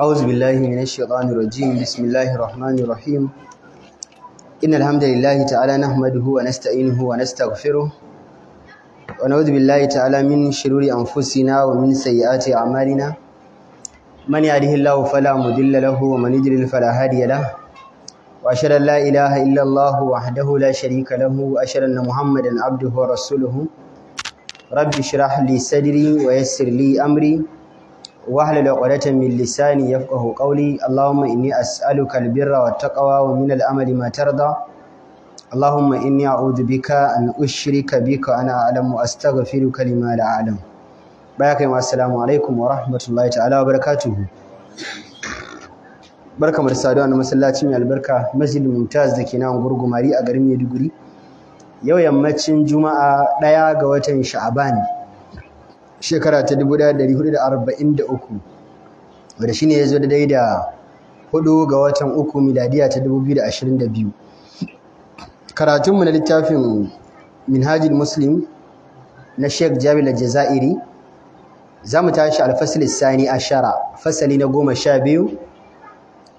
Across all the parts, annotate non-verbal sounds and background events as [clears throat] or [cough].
أعوذ بالله من الشيطان الرجيم بسم الله الرحمن الرحيم إن الحمد لله تعالى نحمده ونستعينه ونستغفره ونعوذ بالله تعالى من شرور أنفسنا ومن سيئات أعمالنا من يهده الله فلا مضل له ومن يضلل فلا هادي له وأشهد أن لا إله إلا الله وحده لا شريك له وأشهد أن محمدا عبده ورسوله رب اشرح لي صدري ويسر لي أمري واحلل عقدة من لساني يفقه قولي اللهم إني أسألك البر والتقوى ومن الأمل ما ترضى اللهم إني أعوذ بك أن أشرك بك أنا أعلم وأستغفرك لما لا أعلم بارك الله السلام عليكم ورحمة الله تعالى وبركاته barka da saduwa na masallaci mai albarka masjid mumtaz da ke ماري gurgumari دقري يو يمتشن جمعة yammacin juma'a ɗaya ga shekara ta dubu da da arba'in uku, wanda shine ya zo daidai da hudu ga watan uku miladiya ta dubu biyu da da ashirin biyu. karatunmu na littafin minhajin muslim na sheikh jabir da jazairi za mu tashi alfasali sani ashara fasali na goma sha biyu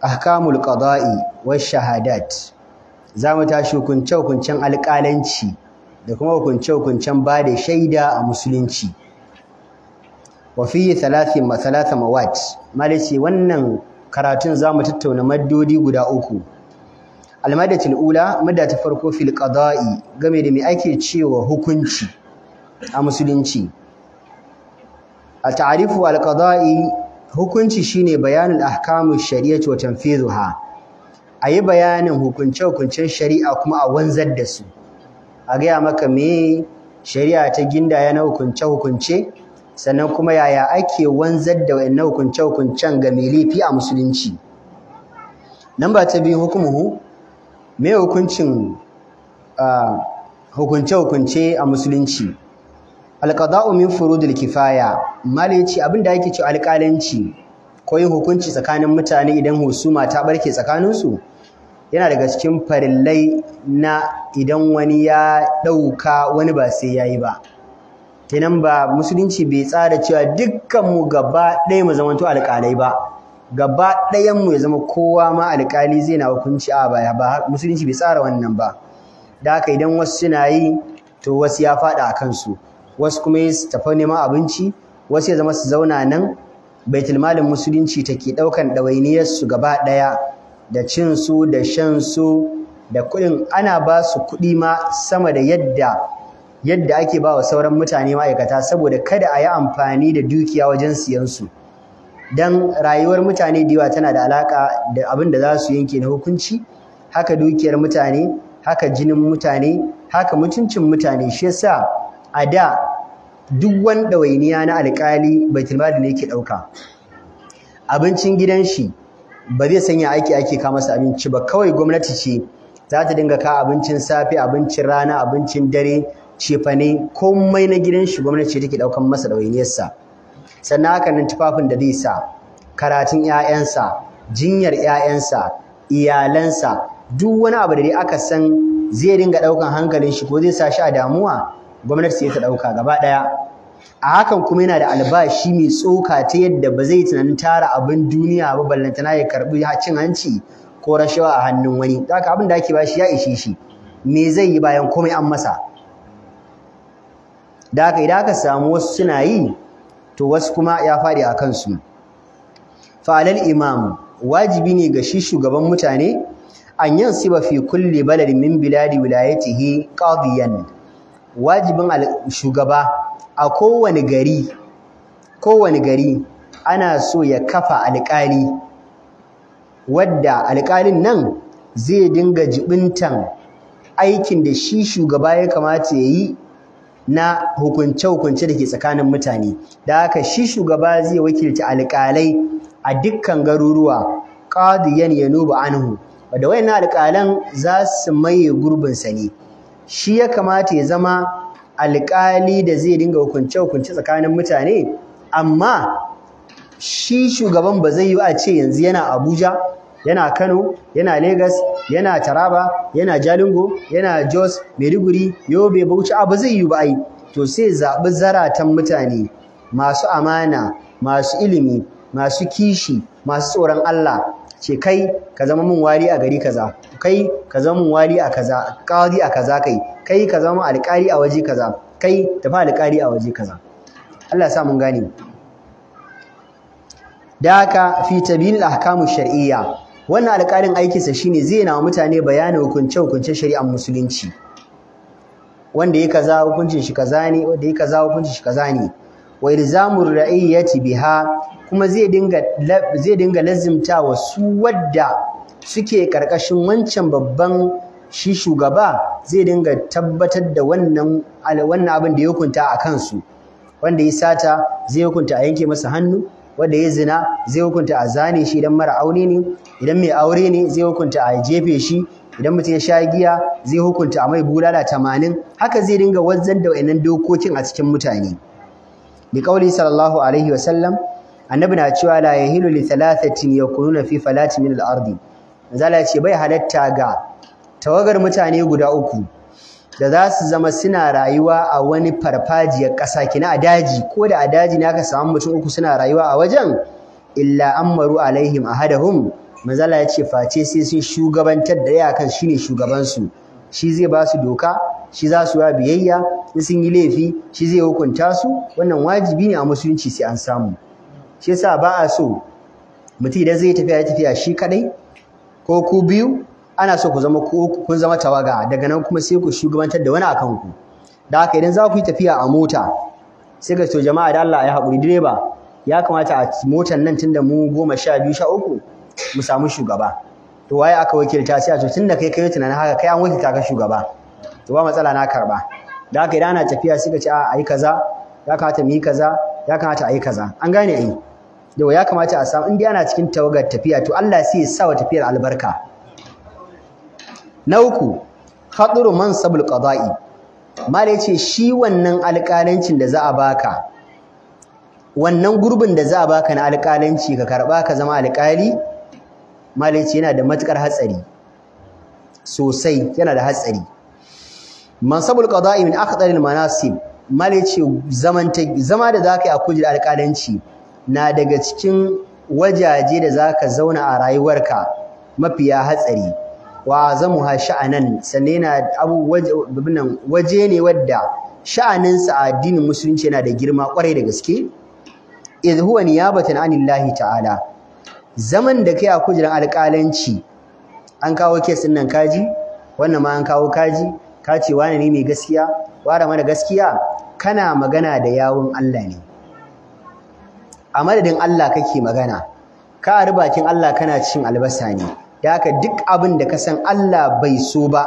ahkamul qada'i wa shahadat za mu tashi hukunce-hukuncen alƙalanci da kuma hukunce-hukuncen ba da shaida a musulunci wa ma thalathi ma mawad malice wannan karatun zamu tattauna maddodi guda uku almadatul ula madda ta farko fil qada'i game da me ake cewa hukunci a musulunci a ta'arifu al qada'i hukunci shine bayanul ahkamu shari'ati wa tanfizuha ayi bayanin hukunce hukuncen shari'a kuma a wanzar da su a gaya maka me shari'a ta gindaya na hukunce hukunce sannan kuma yaya ake wanzar da wayannan hukunce hukuncen ga mai laifi a musulunci namba ta biyu hukumuhu me hukuncin hukunce hukunce a musulunci alqada'u min furudil kifaya malici abinda yake ci alƙalanci ko yin hukunci tsakanin mutane idan husuma ta barke tsakaninsu yana daga cikin farillai na idan wani ya ɗauka wani ba sai ya yi ba nan ba musulunci bai tsara cewa dukkan mu gaba ɗaya mu zamanto alƙalai ba gaba ɗayan mu ya zama kowa ma alƙali zai na hukunci a baya ba musulunci bai tsara wannan ba da haka idan wasu suna yi to wasu ya faɗa a kansu wasu kuma su tafi neman abinci wasu ya zama su zauna nan baitul malin musulunci take ɗaukan ɗawainiyar su gaba ɗaya da cinsu da shan su da kuɗin ana ba su kuɗi ma sama da yadda yadda ake ba wa sauran mutane ma'aikata saboda kada a yi amfani da dukiya wajen siyan su dan rayuwar mutane da yawa tana da alaka da abin da za su yanke na hukunci haka dukiyar mutane haka jinin mutane haka mutuncin mutane shi yasa a da duk wani ɗawainiya na alƙali baitul mali ne yake ɗauka abincin gidan shi ba zai sanya aiki ake ka masa abinci ba kawai gwamnati ce za ta dinga ka abincin safe abincin rana abincin dare ne komai na gidan shi gwamnati take daukan masa dawainiyarsa sannan haka nan tufafin da zai sa karatun 'ya'yansa jinyar 'ya'yansa iyalansa duk wani abu da dai aka san zai dinga daukan hankalin shi ko zai sa shi a damuwa gwamnati sai ta dauka gaba daya a hakan kuma yana da albashi mai tsoka ta yadda ba zai tunanin tara abin duniya ba ballantana ya karbi cin hanci ko rashawa a hannun wani haka abin da ake bashi ya ishe shi me zai yi bayan komai an masa da haka idan aka samu wasu suna yi to wasu kuma ya faɗi a kansu fa'alal imam wajibi ne ga shi shugaban mutane an siba fi kulle baladin min biladi wilayatihi qadiyan wajibin shugaba a kowane gari kowane gari ana so ya kafa alƙali wadda alƙalin nan zai dinga jibintan aikin da shi shugaba ya kamata ya yi na hukunce-hukunce da ke tsakanin mutane da haka shi shugaba zai wakilci alƙalai a dukkan garuruwa qadiyan yanubu anhu wanda wayannan alƙalan za su maye gurbin sa ne shi ya kamata ya zama alƙali da zai dinga hukunce-hukunce tsakanin mutane amma shi shugaban ba zai yi a ce yanzu yana Abuja yana Kano yana Lagos yana Taraba yana Jalingo yana Jos Maiduguri Yobe Bauchi abu zai yi ba ai to sai zaɓi zaratan mutane masu amana masu ilimi masu kishi masu tsoron Allah ce kai ka zama mun wali a gari kaza kai ka zama mun wali a kaza qadi a kaza kai kai ka zama alƙari a waje kaza kai tafi alƙari a waje kaza Allah ya sa mun gane da haka fi tabil ahkamu shar'iyya wannan alƙalin aikinsa shine zai nawa mutane bayanin hukunce shari'ar musulunci wanda ya kaza hukuncin shi kaza ne wanda ya kaza hukuncin shi kaza ne wa ilzamur ra'iyati biha kuma zai dinga zai dinga lazimta wa su wadda suke karkashin wancan babban shi shugaba zai dinga tabbatar da wannan wannan abin da ya hukunta a kansu wanda ya sata zai hukunta a yanke masa hannu wanda ya zina zai hukunta a zane shi idan mara aure ne idan mai aure ne zai hukunta a jefe shi idan mutum ya sha giya zai hukunta a mai bulala tamanin haka zai dinga wazzan da wa'annan dokokin a cikin mutane bi kauli sallallahu alaihi wa sallam, annabi na cewa la yahilu li thalathatin yakununa fi falati min al-ardi zala ce bai halatta ga tawagar mutane guda uku da za su zama suna rayuwa a wani farfajiyar ƙasa kina a daji ko da a daji ne aka samu mutum uku suna rayuwa a wajen illa ammaru alaihim ahadahum manzala ya ce face sai sun shugabantar da yakan shine shugabansu shi zai ba su doka shi za su wa biyayya in sun yi laifi shi zai hukunta su wannan wajibi ne a musulunci sai an samu shi yasa ba a so mutum idan zai tafiya ya tafiya shi kadai ko ku biyu ana so ku zama kun zama tawaga daga nan kuma sai ku shugabantar da wani a kanku da haka idan za ku yi tafiya a mota sai ga to jama'a da Allah ya haƙuri direba ya kamata a motar nan tunda mu goma sha biyu sha uku mu samu shugaba to waye aka wakilta sai a to tunda kai kai tunanin haka kai an wakilta ka shugaba to ba matsala na karba da haka idan ana tafiya sai ka ce a ayi kaza ya kamata mu yi kaza ya kamata a yi kaza an gane ai da ya kamata a samu in dai ana cikin tawagar tafiya to Allah sai ya sa wa tafiyar albarka na uku man sabul ƙaza'i. mala ce shi wannan alƙalancin da za a baka wannan gurbin da za a baka na alƙalanci ka karɓa ka zama alƙali mala ce yana da matukar hatsari sosai yana da hatsari Man sabul ƙaza'i min akhdaril manasib mala ce zama da za ka yi a kujin alƙalanci na daga cikin wajaje da za ka zauna a rayuwarka mafiya hatsari wa zamuha sha'anan sannan yana abu waje ne wadda sha'aninsa a addinin musulunci yana da girma kwarai da gaske idh huwa niyabatan anillahi ta'ala zaman da kai a kujerar alƙalanci an kawo kes ɗin nan kaji wannan ma an kawo kaji ka ce wane ne mai gaskiya ware mana gaskiya kana magana da yawun Allah ne a madadin Allah kake magana ka ari bakin Allah kana cin albasa ne da haka duk abin da ka san Allah bai so ba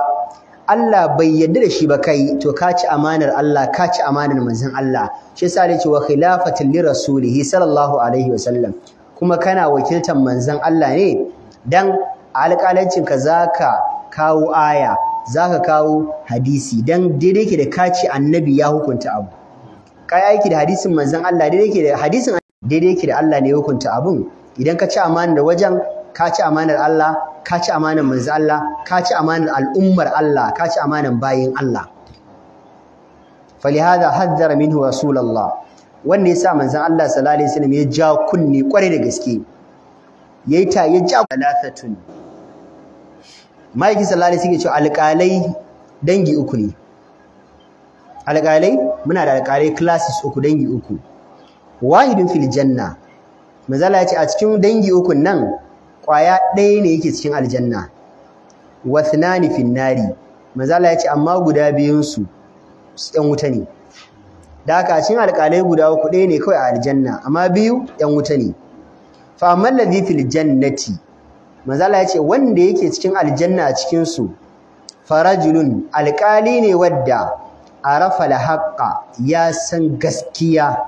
Allah bai yarda da shi ba kai to ka ci amanar Allah ka ci amanar manzon Allah shi yasa ne wa khilafatul li rasulihi sallallahu alaihi wasallam kuma kana wakiltar manzon Allah ne dan alƙalancin ka zaka kawo aya zaka kawo hadisi dan daidai ke da kaci annabi ya hukunta abu kai aiki da hadisin manzon Allah daidai ke da hadisin daidai ke da Allah ne ya hukunta abun idan ka ci amanar wajen ka ci amanar Allah ka ci amanar manzo Allah ka ci amanar al'ummar Allah ka ci amanar bayin Allah falihada haddara minhu rasulullah wanda yasa manzo Allah sallallahu alaihi wasallam ya ja kunni kware da gaske yayi ta ya ja thalathatun maiki sallallahu alaihi wasallam ya ce alƙalai dangi uku ne alƙalai muna da alƙalai classes uku dangi uku wahidun fil janna manzala ya ce a cikin dangi uku nan Kwaya ɗaya ne yake cikin aljanna wa thnani fin nari manzo amma guda biyun su ƴan wuta ne da haka cikin alƙalai guda uku ɗaya ne kawai a aljanna amma biyu ƴan wuta ne fa amma alladhi fil jannati manzo wanda yake cikin aljanna a cikin su farajulun alƙali ne wadda arafa al ya san gaskiya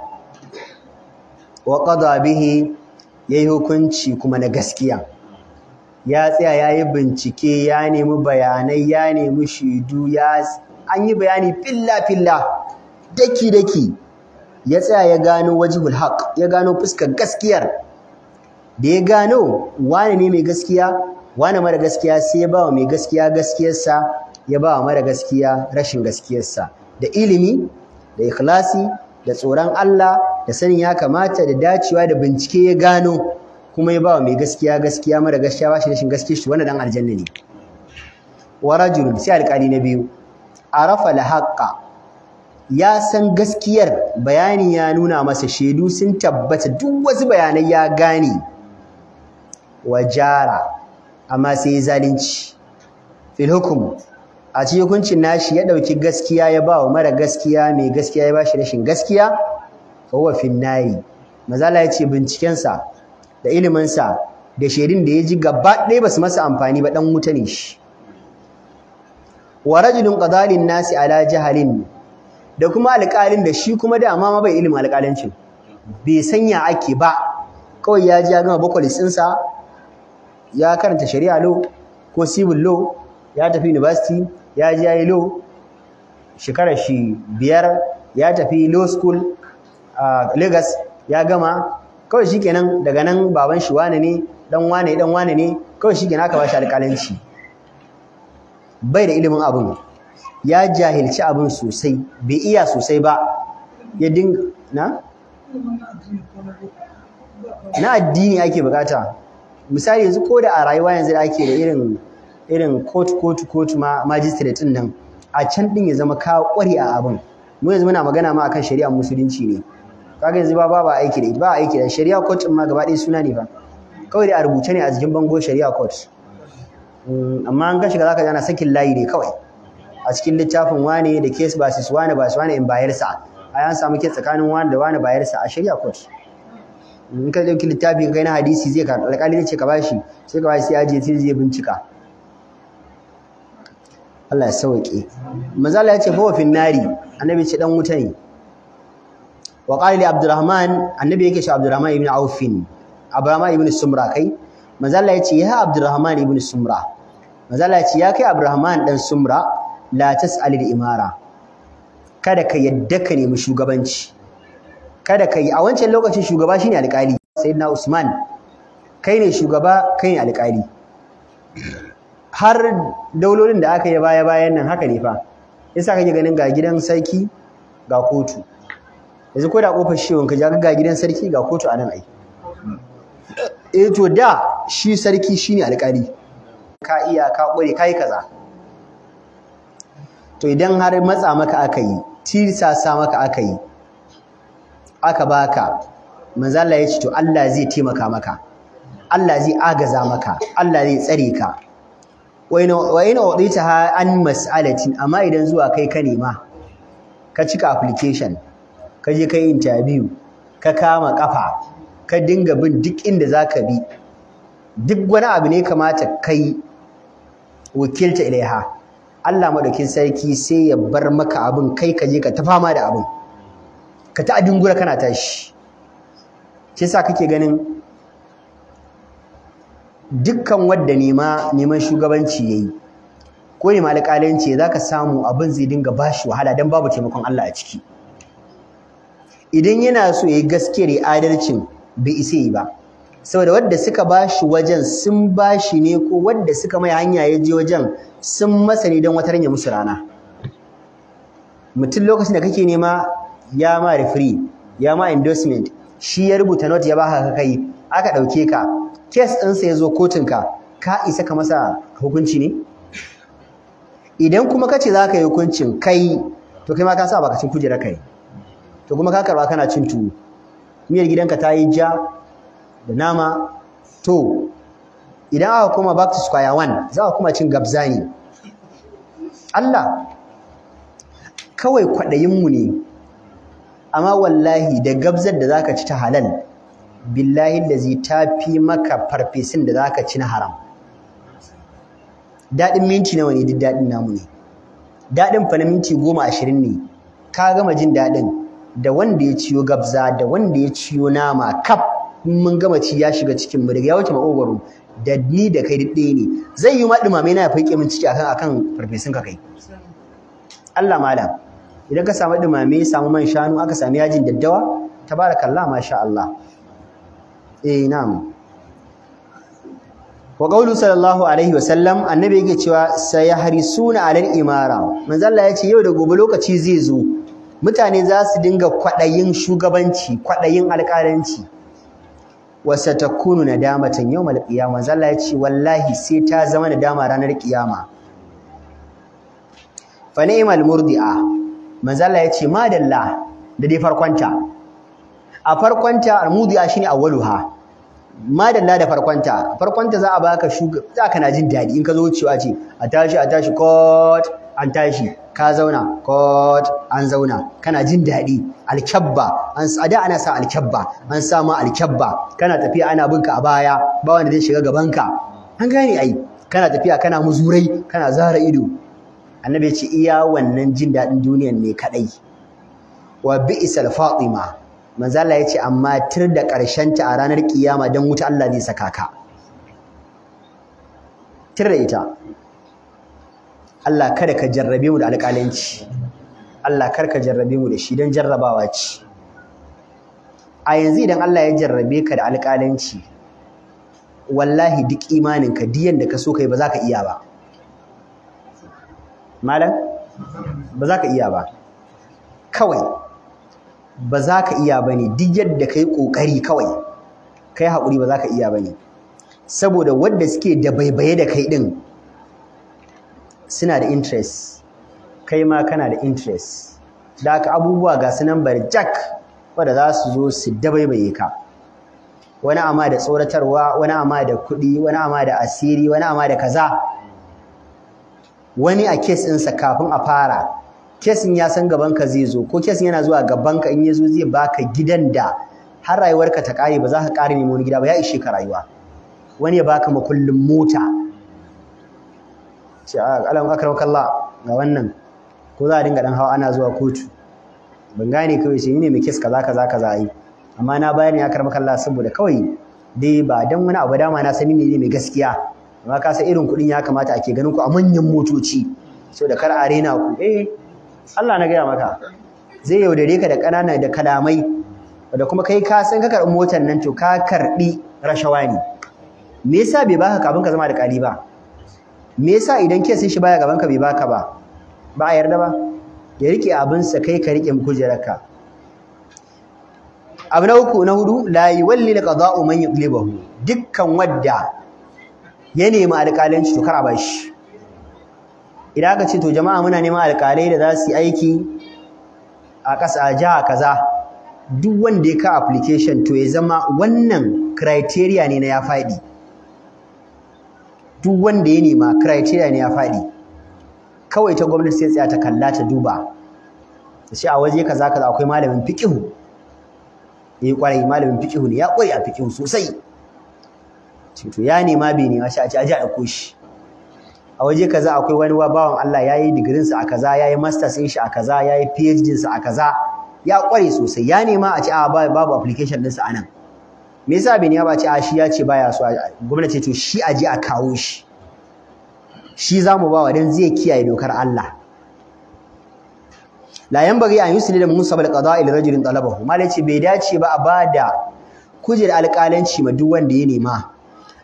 wa qada ya yi hukunci kuma na gaskiya ya tsaya ya yi bincike ya nemi bayanai ya nemi shaidu ya an yi bayani filla-filla daki-daki ya tsaya ya gano wajibul haq ya gano fuskar gaskiyar da ya gano wane ne mai gaskiya wane mara gaskiya sai ya ba wa mai gaskiya gaskiyarsa ya ba wa mara gaskiya rashin gaskiyarsa da ilimi da ikhlasi da tsoron Allah da sanin ya kamata da dacewa da bincike ya gano kuma ya ba wa mai gaskiya gaskiya mara gaskiya ba shi rashin gaskiya shi wannan dan aljanna ne wa rajulun sai alƙali na biyu arafa la ya san gaskiyar bayani ya nuna masa shaidu sun tabbata duk wasu bayanai ya gane wa jara amma sai zalunci fil hukum a cikin hukuncin nashi ya ɗauki gaskiya ya ba wa mara gaskiya mai gaskiya ya ba shi rashin gaskiya fa huwa nayi mazala yace ce bincikensa da iliminsa da shaidun da ya ji gaba ɗaya basu masa amfani ba dan wuta ne shi wa rajulun qadalin nasi ala jahalin da kuma alƙalin da shi kuma da amma bai ilimin alƙalancin bai sanya ake ba kawai ya ji ya gama bakwalis sa ya karanta shari'a lo ko civil law ya tafi university ya je yayi lo shekarar shi biyar ya tafi law school a Lagos ya gama kawai shikenan daga nan baban shi wane ne dan wane dan wane ne kawai shikenan aka bashi alƙalanci bai da ilimin abin ya jahilci abin sosai bai iya sosai ba ya dinga na na addini ake bukata misali yanzu ko da a rayuwa yanzu da ake da irin irin court court court ma magistrate din nan a can din ya zama ka kwari a abin mu yanzu muna magana ma akan shari'ar musulunci ne kaga yanzu ba ba aiki da ba aiki da shari'a court din ma gaba ɗaya suna ne ba kawai da a rubuce ne a jikin bango shari'a court mm, amma an ga shiga zaka ji ana sakin layi ne kawai a cikin littafin wane da case basis wane basis wane in bayar sa a yan samu ke tsakanin wane da wane sa a shari'a court in ka ɗauki littafi kai na hadisi zai ka alƙali ne ce ka bashi sai ka bashi sai aje sai zai bincika Allah ya sauke manzo Allah ya ce fa wa finnari annabi ce dan wuta ne wa qali li abdurrahman annabi yake shi abdurrahman ibn Aufin. abdurrahman ibn sumra kai manzo Allah ya ce ya abdurrahman ibn sumra manzo Allah ya ce ya kai abdurrahman dan sumra la tas'alil imara kada ka yadda ka nemi shugabanci kada ka yi a wancan lokacin shugaba shine alƙali sayyidina usman kai ne shugaba kai ne alƙali har daulolin da aka yi baya bayan nan haka ne fa yasa kake ganin ga gidan sarki ga kotu yanzu ko da kofar shiwon ka ga gidan sarki ga kotu a nan ai eh to da shi sarki shine alƙali ka iya ka kure kai kaza to idan har matsa maka aka yi tirsasa maka aka yi aka baka manzo Allah ya ce to Allah zai taimaka maka Allah zai agaza maka Allah zai tsare ka wai ina wadita ha an mas'alatin amma idan zuwa kai ka nema ka cika application ka je kai interview ka kama kafa ka dinga bin duk inda zaka bi duk wani abu ne kamata kai wakilta ilaiha Allah madaukin sarki sai ya bar maka abin kai ka je ka ta fama da abin ka ta gura kana tashi shi yasa kake ganin dukkan wadda nema neman shugabanci yayi ko ne za ka samu abin zai dinga bashi wahala dan babu taimakon Allah a ciki idan yana so yayi da adalcin bai isa yi ba saboda wadda suka bashi wajen sun bashi ne ko wadda suka mai hanya ya je wajen sun masani ne dan wata ranya musu rana mutum lokacin da kake nema ya ma referee ya ma endorsement shi ya rubuta not ya baka kai aka dauke ka kes sa ya zo kotunka ka isa ka masa hukunci ne idan kuma ka ce za ka yi hukuncin kai to kai ma ka sa baka cin kujera kai to kuma ka karba kana cin tuwo miyar gidanka ta yi ja da nama to idan aka koma back to square one za a kuma cin gabza ne. Allah kawai kwaɗayinmu ne amma wallahi da gabzar da za ka ci ta halal billahi da zai tafi maka farfesin da zaka ci na haram daɗin minti nawa ne duk daɗin namu ne daɗin fa na minti goma ashirin ne ka gama jin daɗin da wanda ya ciyo gabza da wanda ya ciyo nama kaf mun gama ci ya shiga cikin mu daga ya wuce da ni da kai duk ɗaya ne zai yi ma ɗumame na ya faiƙe min ciki akan akan farfesun ka kai Allah malam idan ka samu ɗumame samu man shanu aka sami yajin daddawa ta tabarakallah masha Allah eh na'am wa qawlu sallallahu alaihi wa sallam annabi yake cewa sayahrisuna alal imara manzo Allah yace yau da gobe lokaci zai zo mutane za su dinga kwadayin shugabanci kwadayin alƙalanci wa satakunu nadamatan yawmal qiyamah manzo Allah yace wallahi sai ta zama nadama ranar kiyama fa ni'mal murdi'a manzo Allah yace madalla da dai farkonta a farkonta almudiya shine ha? madalla da farkonta farkonta za a baka shuga za ka na jin daɗi in ka zo wucewa ce a tashi a tashi kot an tashi ka zauna kot an zauna kana jin daɗi Alkabba an da ana sa alkabba. an sa ma Ka kana tafiya ana binka a baya ba wanda zai shiga gaban ka. an gane ai kana tafiya kana muzurai kana zara ido annabi ya ce iya wannan jin daɗin duniyan ne kadai. wa bi'sal fatima manzo Allah ya ce amma tir da ƙarshen ta a ranar kiyama dan wuta Allah zai saka ka tir da ita Allah kada ka jarrabe mu da alƙalanci Allah kar ka jarrabe mu da shi dan jarrabawa ce a yanzu idan Allah ya jarrabe ka da alƙalanci wallahi duk imaninka duk yanda ka so kai ba za ka iya ba malam ba za ka iya ba kawai ba za ka iya ba ne duk yadda ka yi ƙoƙari kawai ka yi haƙuri ba za ka iya ba ne saboda wadda suke da baibaye da kai ɗin suna da interest kai ma kana da interest da aka abubuwa ga su nan jack wadda za su zo su dabaibaye ka wani ama da tsoratarwa wani ama da kuɗi wani ama da asiri wani ama da kaza wani a kes ɗinsa kafin a fara kesin ya san gabanka zai zo ko kesin yana zuwa gabanka in ya zo zai baka gidan da har rayuwarka ta kare ba za ka kare neman wani gida ba ya ishe ka rayuwa wani ya baka makullin mota ce ah, alam akramakallah ga wannan ko za a dinga dan hawa ana zuwa kotu ban gane kawai sai ne mai kes kaza kaza kaza yi amma na bayar ne akramakallah saboda kawai dai ba dan wani abu dama na sani ne mai gaskiya amma ka san irin kuɗin ya kamata ake ganin ku a manyan motoci da kar a rena ku eh Allah na gaya maka zai yaudare ka da ƙanana da kalamai da kuma kai ka san ka karɓi motar nan to ka karɓi rashawa ne me yasa bai baka kafin ka zama da ƙali ba me yasa idan kesin shi baya gaban ka bai baka ba ba a yarda ba ya rike sa kai ka rike kujerarka abu na uku na hudu la yuwalli la qada'u man yuqlibuhu dukkan wadda ya nemi alƙalanci to kar a bashi idan aka ce to jama'a muna neman alƙalai da za su yi aiki a ƙasa a jiha kaza duk wanda ya ka application to ya zama wannan criteria ne na ya faɗi duk wanda ya nema criteria ne ya faɗi kawai ta gwamnati sai tsaya ta kalla ta duba ta ce a waje kaza kaza akwai malamin fiqihu eh kwarai malamin fiqihu ne ya kware a fiqihu sosai to ya nema bai nema shi a ce a ji a ɗauko shi a waje kaza akwai wani bawan Allah yayi digirin sa a kaza yayi masters din shi a kaza yayi PhD sa a kaza ya kware sosai ya nema a ce ah, a babu application din sa anan me yasa bin ya ba ce a ah, shi ya ce baya so gwamnati to shi aje a kawo shi shi zamu ba wa dan zai kiyaye dokar Allah la yanbaghi an da musa bil qada'i li rajulin talabahu malai ce bai dace ba a bada kujir alƙalanci ma duk wanda ya nema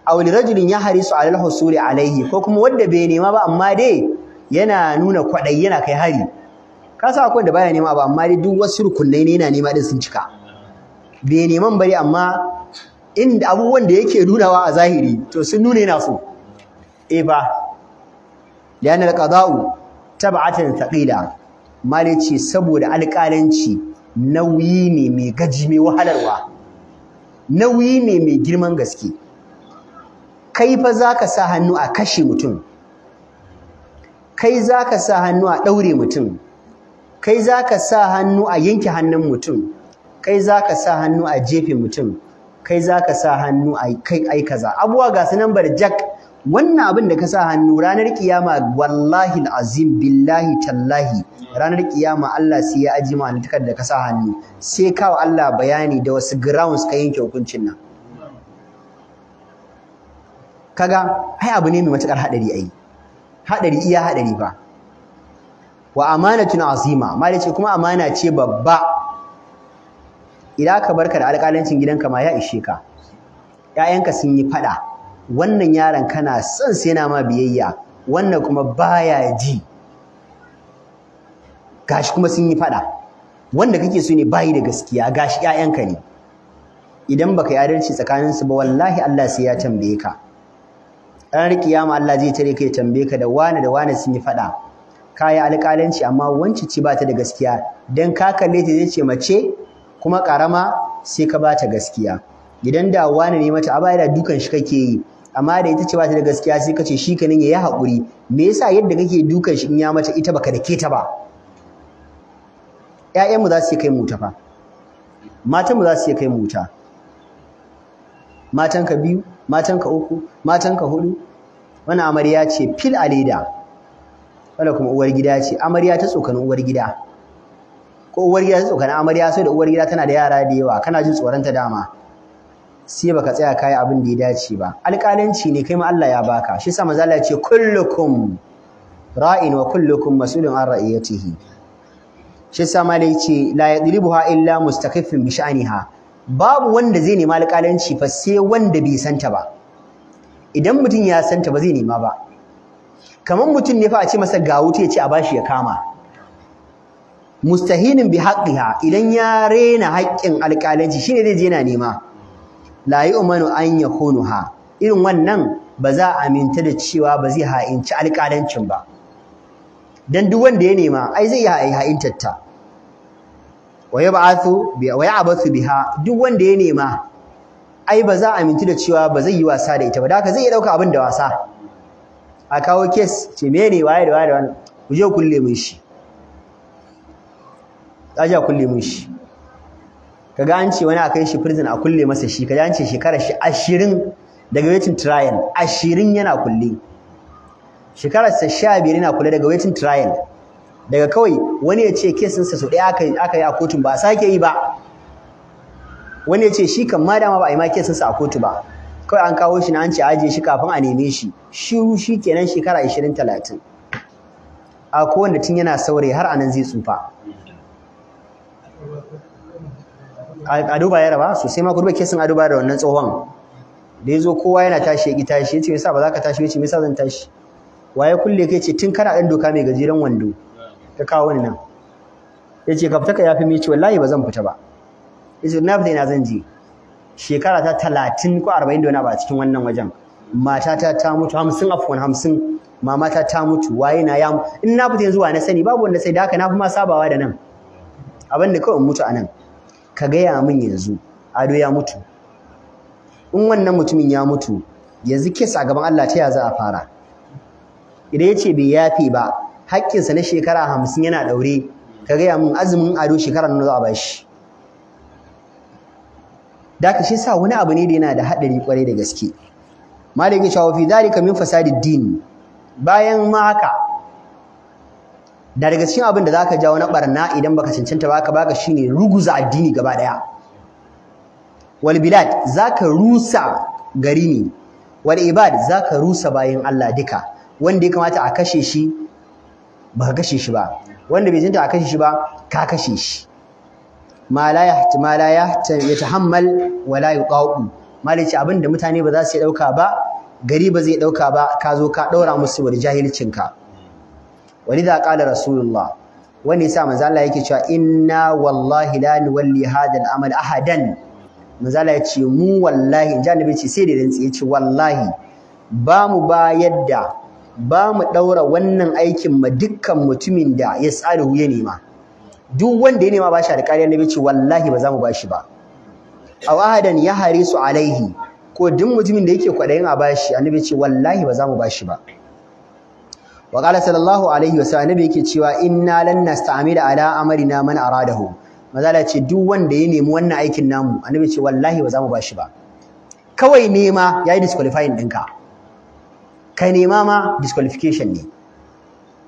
aw li rajulin yahrisu ala al-husuli ko kuma wanda bai nema ba amma dai yana nuna kwadai yana kai hari ka sa akwai da baya nema ba amma dai duk wasu rukunai ne yana nema din sun cika bai neman bari amma inda abubuwan da yake nunawa a zahiri to sun nuna yana so eh ba lian al-qada'u tab'atan thaqila malici saboda alƙalanci nauyi ne mai gaji mai wahalarwa nauyi ne mai girman gaske kai fa za ka sa hannu a kashe mutum kai za ka sa hannu a ɗaure mutum kai za ka sa hannu a yanke hannun mutum kai za ka sa hannu a jefe mutum kai za ka sa hannu a kai ai kaza abuwa ga su nambar jack wannan abin da ka sa hannu ranar kiyama wallahi alazim billahi tallahi ranar kiyama Allah sai ya aji ma da ka sa hannu sai kawo Allah bayani da wasu grounds ka yanke hukuncin nan kaga ai abu ne mai matukar hadari ai hadari iya hadari ba wa amanatun azima mai ce kuma amana ce babba idan ka barka da alƙalancin gidanka ma ya ishe ka ƴaƴanka sun yi fada wannan yaron kana son sai na ma biyayya wannan kuma baya ji gashi kuma sun yi fada wanda kake so ne bayi da gaskiya gashi ƴaƴanka ne idan baka yi adalci tsakaninsu ba wallahi Allah sai ya tambaye ka ranar kiyama Allah zai tare ka ya tambaye ka da wani da wani sun yi faɗa ka yi alƙalanci amma wancan ci ba ta da gaskiya dan ka kalle ta zai ce mace kuma karama sai ka ba ta gaskiya idan da wani ne mata a baya da dukan shi kake yi amma da ita ce ba da gaskiya sai ka ce shi kanin ya yi me yasa yadda kake dukan shi in ya mata ita baka dake ta ba mu za su kai muta fa fa matanmu za su kai muta matan ka biyu matanka uku matanka hudu wannan amarya ce fil alida wala kuma uwar gida ce amarya ta tsokani uwar gida ko uwar gida ta tsokani amarya sai da uwar gida tana da yara da yawa kana jin tsoron ta dama sai baka tsaya kai abin da ya dace ba alƙalanci ne kai ma Allah ya baka shi sa manzo Allah ya ce kullukum ra'in wa kullukum mas'ulun an ra'iyatihi shi sa malai ce la yadribuha illa mustaqiffin bi sha'niha babu wanda zai nema alƙalanci fa sai wanda bai santa ba idan mutum ya santa ba zai nema ba kamar mutum ne fa a ce masa ga wuta ya ce a bashi ya kama mustahinin bi haqqiha idan ya rena haƙƙin alƙalanci shine zai je yana nema la yu'manu an yakunuha irin wannan ba za a aminta da cewa ba zai ha'inci alƙalancin ba dan duk wanda ya nema ai zai ta wa yab'athu bi wa ya'bathu biha duk wanda ya nema ai ba za a aminci da cewa ba zai yi wasa da ita ba da haka zai iya dauka abin da wasa a kawo kes ce mene waye da waye da wannan ku je kulle mun shi za a kulle mun shi kaga an ce wani a kai shi prison a kulle masa shi kaga an ce shekarar shi ashirin daga waiting trial ashirin yana kulle shekarar sa sha biyar yana kulle daga waiting trial daga kawai wani ya ce kesinsa sau ɗaya aka yi a kotun ba a sake yi ba wani ya ce shi kan ma dama ba a yi ma kesinsa a kotu ba kawai an kawo shi na an ce ajiye shi kafin a neme shi shiru shi kenan shekara ashirin talatin a kowanne tun yana saurayi har anan zai tsufa a duba ya raba sosai ma ku duba kesin a duba da wannan tsohon da ya zo kowa yana tashi ya ƙi tashi ya ce me yasa ba za ka tashi ya ce me yasa zan tashi waye kulle kai ce tun kana ɗan doka mai gajeren wando ka kawo ni nan ya ce ka fita ka yafi mai ce wallahi ba zan fita ba ya ce na fita ina zan je shekara ta talatin ko arba'in da wani abu a cikin wannan wajen matata ta mutu hamsin afwan hamsin mamata ta mutu waye na ya in na fita yanzu wa na sani babu wanda sai da haka na fi ma sabawa da nan abin da kawai in mutu a nan ka gaya min yanzu ado ya mutu in wannan mutumin ya mutu yanzu kisa gaban Allah ta ya za a fara idan ya ce bai yafe ba haƙƙinsa na shekara hamsin yana ɗaure ka gaya min azumin ado shekara nan za a bashi da shi sa wani abu ne da yana da haɗari ƙwarai da gaske malikin ya cewa fi zalika min fasadi din bayan ma haka da daga cikin abin da zaka jawo na barna idan baka cancanta ba ka baka shi shine ruguza addini gaba ɗaya. wal bilad zaka rusa gari ne wal ibad zaka rusa bayan Allah duka wanda ya kamata a kashe shi ba ka kashe shi ba wanda bai jinta a kashe shi ba ka kashe shi ma la ya la ya yatahammal wa la malai abinda mutane ba za su dauka ba gari ba zai dauka ba ka zo ka daura musu wani jahilcin ka Wani da kala rasulullah wani sa manzo Allah yake cewa inna wallahi la nuwalli hadha al'amal ahadan manzo Allah yace mu wallahi janibi ce sai da rantsi ya wallahi ba mu bayar da ba mu ɗaura wannan aikin ma dukkan mutumin da ya tsalihu ya nema duk wanda ya nema ba shi alƙali annabi ce wallahi ba za mu ba shi ba aw ahadan ya su alaihi ko duk mutumin da yake kwaɗayin a bashi annabi ce wallahi ba za mu bashi ba wa sallallahu alaihi wa sallam annabi yake cewa inna lan nasta'mila ala amrina man aradahu mazala ce duk wanda ya nemi wannan aikin namu annabi ce wallahi ba za mu bashi ba kawai nema yi disqualifying ɗinka kai nema ma disqualification ne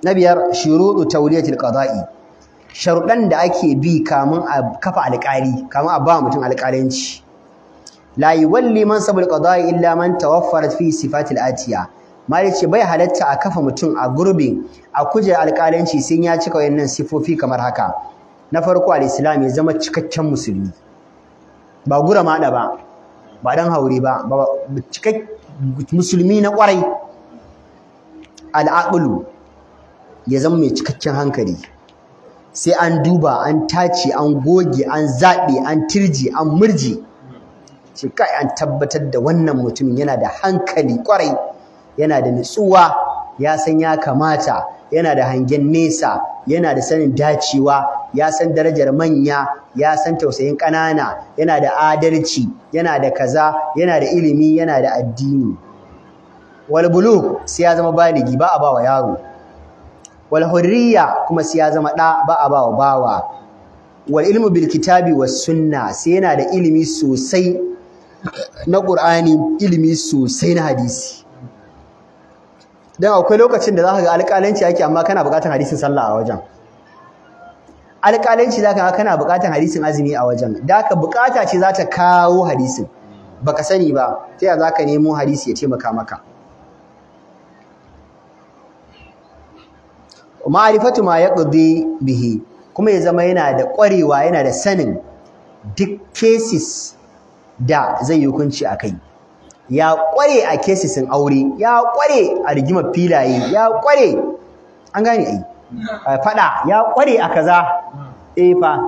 na biyar shuruɗu tawliyatil qada'i sharuɗan da ake bi kamun a kafa alƙali kamun a ba mutum alƙalanci la yuwalli mansabul qada'i illa man tawaffarat fi sifatil atiya mali ce bai halatta a kafa mutum a gurbin a kujerar alƙalanci sai ya cika wayannan sifofi kamar haka na farko al-islam ya zama cikakken musulmi ba gura maɗa ba ba dan haure ba Ba musulmi na kwarai. al'aqlu ya zama mai cikakken hankali sai an duba an tace an goge an zaɓe an tirji an murji ce kai an tabbatar da wannan mutumin yana da hankali kwarai yana da nutsuwa ya san ya kamata yana da hangen nesa yana da sanin dacewa ya san darajar manya ya san tausayin ƙanana yana da adalci yana da kaza yana da ilimi yana da addini wal bulugh sai ya zama baligi ba a bawa yaro wal hurriya kuma sai ya zama ɗa ba a bawa bawa wal ilmu bil kitabi was sunna sai yana da ilimi sosai na qur'ani ilimi sosai na hadisi dan akwai lokacin da zaka ga alƙalanci ake amma kana buƙatar hadisin sallah a wajen alƙalanci zaka ga kana buƙatar hadisin azumi a wajen da ka buƙata ce za ta kawo hadisin baka sani ba ta ya zaka nemo hadisi ya taimaka maka ma'arifatu ma ya yaqdi bihi kuma ya zama yana da ƙwarewa yana da sanin duk cases da zai yi hukunci a kai ya ƙware a kesisin aure ya ƙware a rigimar filaye ya ƙware an gane ai faɗa ya ƙware a kaza E fa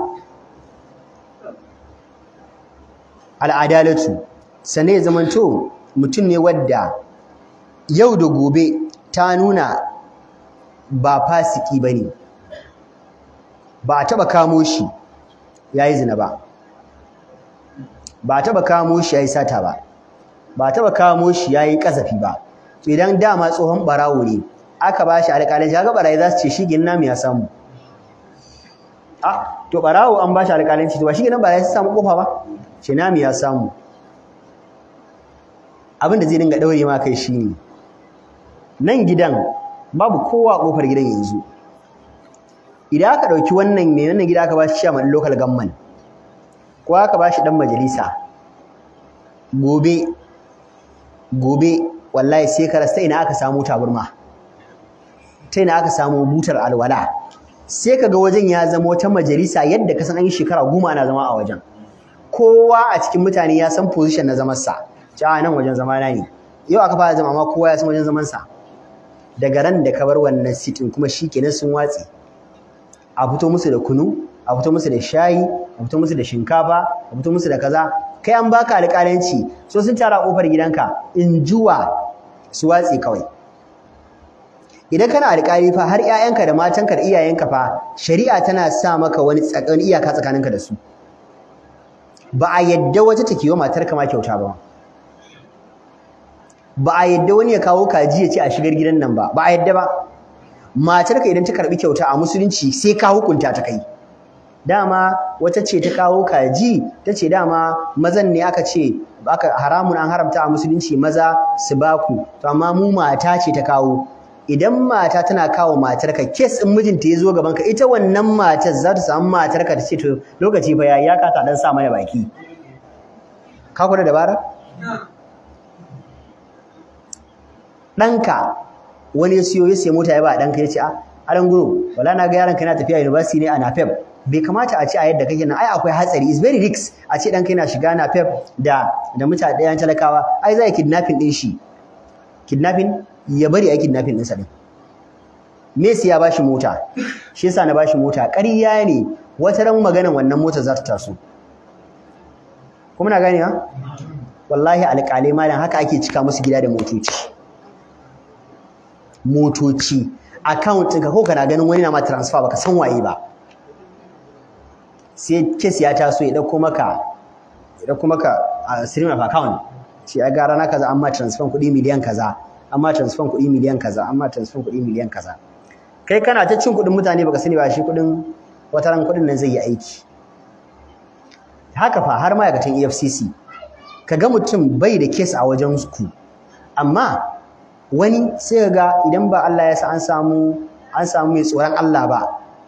al'adalatu sannan ya zamanto mutum ne wadda yau da gobe ta nuna ba fasiki bane ba a taba kamo shi yayi zina ba ba a taba kamo shi yayi sata ba ba a taba kamo shi yayi kasafi ba to idan dama tsohon barawo ne aka ba shi shi, aka barayi za su ce shi ginna me ya samu a to barawo an ba shi shi to ba shi ginna barayi su samu kofa ba ce na ya samu abin da zai dinga daure ma kai shine nan gidan babu kowa a kofar gidan yanzu idan aka ɗauki wannan mai wannan gida aka ba shi chairman local government ko aka ba shi ɗan majalisa gobe gobe wallahi sai karas rasta ina aka samu taburma ta ina aka samu butar alwala sai ka ga wajen ya zama wata majalisa yadda ka san an yi shekara goma ana zama a wajen kowa a cikin mutane ya san position na zamansa sa a nan wajen zama na ne yau aka fara zama amma kowa ya san wajen zamansa daga ran da ka bar wannan sitin kuma shi kenan sun watse a fito musu da kunu a fito musu da shayi a fito musu da shinkafa a fito musu da kaza kai an baka alƙalanci so sun tara kofar gidanka in juwa su watse kawai idan kana alƙali fa har ƴaƴanka da matanka da iyayenka fa shari'a tana sa maka wani tsakanin iyaka tsakaninka da su ba a yadda wata take wa matarka ma kyauta ba ba a yadda wani ya kawo kaji ya ce a shigar gidan nan ba ba a yadda ba matar ka idan ta karbi kyauta a musulunci sai ka hukunta ta kai dama wata ce ta kawo kaji ta ce dama mazan ne aka ce haramun an haramta a musulunci maza su baku to amma mu mata ce ta kawo idan mata tana kawo matarka kes in mijinta ya zo gaban ka ita wannan matar za ta samu matarka ta ce to lokaci fa yayi ya dan sa mana baki ka kula dabara ɗanka wani ya siyo ya siya mota ya ba ɗanka ya ce ah, a aran guru wala na ga yaranka yana tafiya university ne a napep bai kamata a ce a yadda kake nan ai akwai hatsari is very risk a ce ɗanka yana shiga napep da da mutane ɗayan talakawa ai za a kidnapping ɗin shi kidnapping ya bari a kidnapping ɗinsa ɗin Messi ya bashi mota shi yasa na bashi mota ƙarya ne wata ran maganan wannan mota za ta taso kuma na gane ha wallahi alƙalai malam haka ake cika musu gida da motoci motoci account ɗinka ko kana ganin wani na ma transfer baka san waye ba sai kes ya taso ya dauko maka ya dauko maka a stream of account ce a gara na kaza amma transfer kuɗi miliyan kaza amma transfer kuɗi miliyan kaza amma transfer kuɗi miliyan kaza kai kana ta cin kuɗin mutane baka sani ba shi kuɗin wata ran kuɗin nan zai yi aiki haka fa har ma ma'aikatan EFCC ka ga mutum bai da kes a wajen ku amma wani sai ga idan ba Allah ya sa an samu an samu mai tsoron Allah ba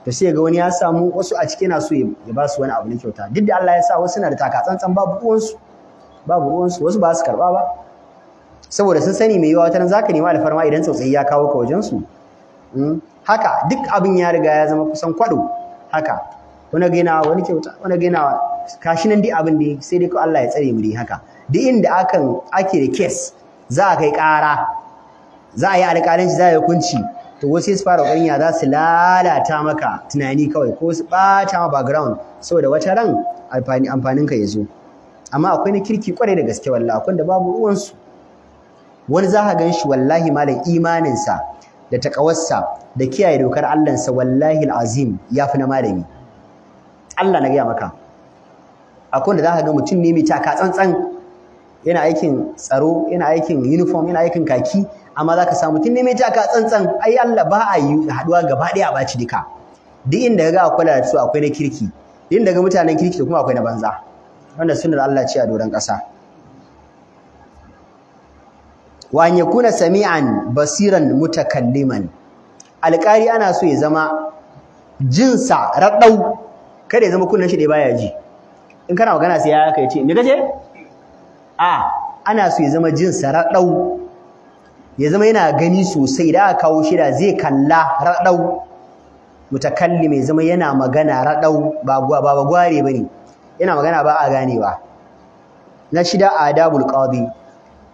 to sai ga wani ya samu wasu a cikin na so ya ba su wani abu na kyauta duk da Allah ya sa wasu na da taka tsantsan babu ruwansu babu ruwansu wasu ba su karba ba saboda sun sani mai yawa wata nan zaka nema alfarma idan tsautsayi ya kawo ka wajen su hmm? haka duk abin ya riga ya zama kusan kwado haka wani gina wani kyauta wani gina kashi nan dai abin da sai dai ko Allah ya tsare mu dai haka duk inda akan ake da case za a kai ƙara za a yi alƙalanci za a yi hukunci to wasu su fara ƙoƙarin za su lalata maka tunani kawai ko su ɓata ma background saboda wata ran amfanin ka ya zo amma akwai na kirki kwarai da gaske wallahi akwai da babu ruwansu wani za ka gan shi wallahi malam imaninsa da taƙawarsa da kiyaye dokar Allahnsa wallahi alazim ya fi na malami Allah na gaya maka akwai da za ka ga mutum ne mai taka tsantsan yana aikin tsaro yana aikin uniform yana aikin kaki amma za ka samu tun neme jaka tsantsan ai Allah ba a yi haɗuwa gaba ɗaya a baci duka duk inda ga akwai da su akwai na kirki duk inda ga mutanen kirki kuma akwai na banza wanda sunan Allah ce a doron ƙasa wa an yakuna sami'an basiran mutakalliman alƙari ana so ya zama jinsa raɗau kada ya zama kunnan shi da baya ji in kana magana sai ya kai ce ni kace a ana so ya zama jinsa raɗau ya zama yana gani sosai da aka kawo shida zai kalla raɗau mutakallim ya zama yana magana raɗau ba ba gware bane yana magana ba a ganewa na shida adabul qadi